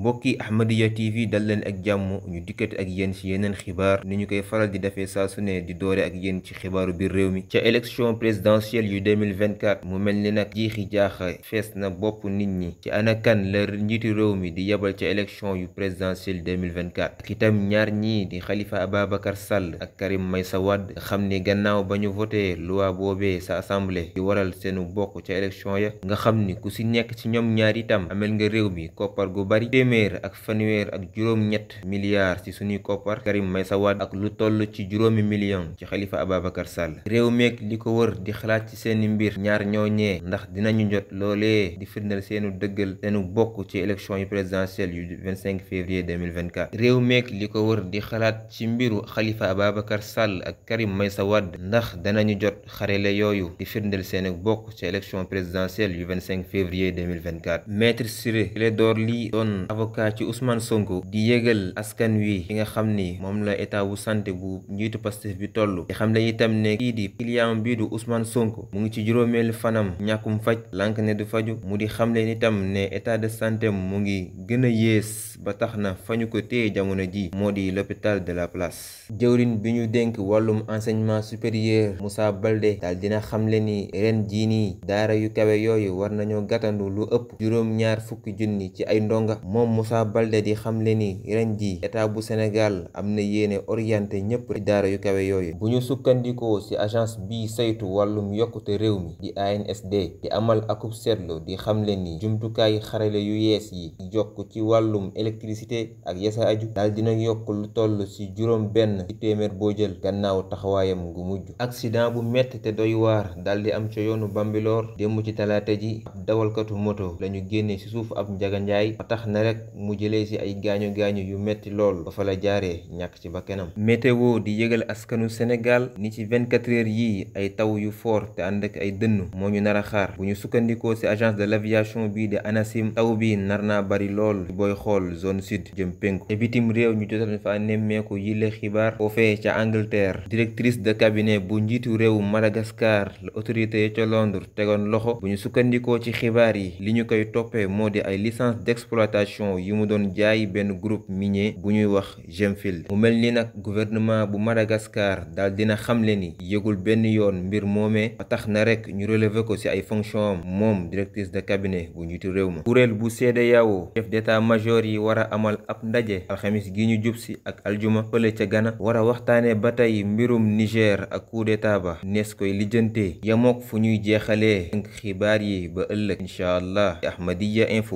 mbokki ahmadiya tv dal leen ak jàmm ñu dikkati ak yéen ci yeneen xibaar ni ñu koy faral di defee saa su di doore ak yéen ci xibaaru biir réew mi ca élection présidentielle yu 2024 mu mel ni nag jiixi jaaxa fees na bopp nit ñi ci anakan la njiitu réew mi di yebal ca élection yu présidentielle 2024 ak itam ñaar ñii di xalifa ababacar sàll ak karim sa wadd xam ni gannaaw ba ñu voté loi boobee sa assemblée di waral seenu bokk ca élection ya nga xam ni ku si nekk ci ñoom ñaar itam nga réew mi téeméer ak fanweer ak juróom-ñett milliards ci suñuy koppar Karim Meïssa Wade ak lu toll ci juróomi million ci Khalifa Ababacar Sall réew meek li ko wër di xalaat ci seeni mbir ñaar ñooñee ndax dinañu jot loolee di firndeel seenu dëggal seenu bokk ci élection yu présidentielle yu 25 février 2024 réew meek li ko wër di xalaat ci mbiru Khalifa Ababacar Sall ak Karim Meïssa Wade ndax danañu jot xarele yooyu di firndeel seenu bokk ci élection présidentielle yu 25 février 2024 Maître Ciré Clédor Ly doon avocat ci Ousmane Sonko di yëgal askan wi ki nga xam ni moom la état wu santé bu njiitu Pastef bi toll di xam le itam ne kii di client bii du Ousmane Sonko mu ngi ci juróomeelu fanam ñàkkum faj lànk ne du faju mu di xam leen itam ne état de santé mu ngi gën a yées ba tax na fa ñu ko téye jamono ji moo di l'hôpital de la place jëwriñ bi ñu dénk wàllum enseignement supérieur Moussa Baldé daal dina xam le ni jii nii daara yu kawe yooyu war nañoo gàttandu moom Moussa Baldé di xamle ni ren ji état bu Sénégal am na yéene orienté ñëpp ci daara yu kawe yooyu bu ñu sukkandikoo ci agence bi saytu wàllum yokkute réew mi di ANSD di amal akub seetlu di xamle ni jumtukaay xarale yu yees yi jokk ci wàllum électricité ak yasa aju daal dina yokk lu toll ci juróom benn ci téeméer boo jël gannaaw taxawaayam gu mujj accident bu metti te doy waar daal di am ca yoonu Bambilor démb ci talaate ji ab dawalkatu moto lañu génne ci suuf ab njaganjaay rek mu jëlee si ay gaañu gaañu yu metti lool ba fa la jaaree ñàkk ci bakkanam météo di yëgal askanu Sénégal ni ci 24 heures yii ay taw yu foor te ànd ak ay dënnu moo ñu nar a xaar bu ñu sukkandikoo si agence de l'aviation bii di ANACIM taw bii nar naa bari lool booy xool zone sud jëm penku te bitim réew ñu jotal fa nemmeeku yile xibaar foofee ca Angleterre directrice de cabinet bu njiitu réew Madagascar la autorité ya ca Londres tegoon loxo bu ñu sukkandikoo ci xibaar yi actions yi mu doon jaay benn groupe minier bu ñuy wax Gemfield mu mel ni nag gouvernement bu Madagascar daal dina xamle ni yëgul benn yoon mbir moomee ba tax na rek ñu relever ko ci ay fonction am moom directrice de cabinet bu njiitu réew ma kuréel bu CEDEAO chef d'état-major yi war a amal ab ndaje alxamis gi ñu jub si ak aljuma fële ca Ghana war a waxtaane ba tey mbirum Niger ak coup d'état ba nees koy lijjantee yamook fu ñuy jeexalee xibaar yi ba ëllëg incha allah ci